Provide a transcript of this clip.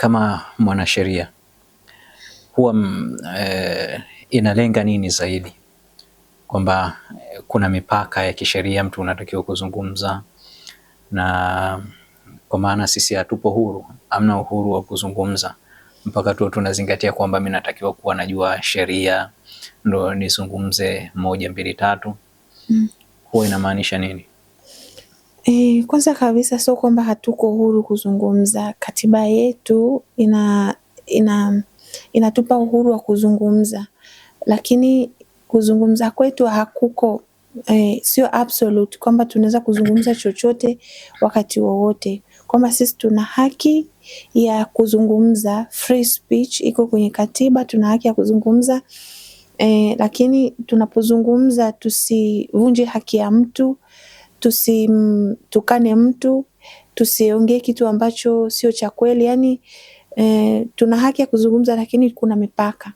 kama mwanasheria huwa e, inalenga nini zaidi? Kwamba eh, kuna mipaka ya kisheria mtu unatakiwa kuzungumza, na kwa maana sisi hatupo huru, amna uhuru wa kuzungumza mpaka tu tunazingatia kwamba mi natakiwa kuwa najua sheria ndo nizungumze moja mbili tatu. mm. huwa inamaanisha nini? E, kwanza kabisa sio kwamba hatuko uhuru kuzungumza. Katiba yetu ina ina inatupa uhuru wa kuzungumza, lakini kuzungumza kwetu hakuko eh, sio absolute kwamba tunaweza kuzungumza chochote wakati wowote, kwamba sisi tuna haki ya kuzungumza. Free speech iko kwenye katiba, tuna haki ya kuzungumza eh, lakini tunapozungumza tusivunje haki ya mtu tusimtukane mtu, tusiongee kitu ambacho sio cha kweli. Yani eh, tuna haki ya kuzungumza, lakini kuna mipaka.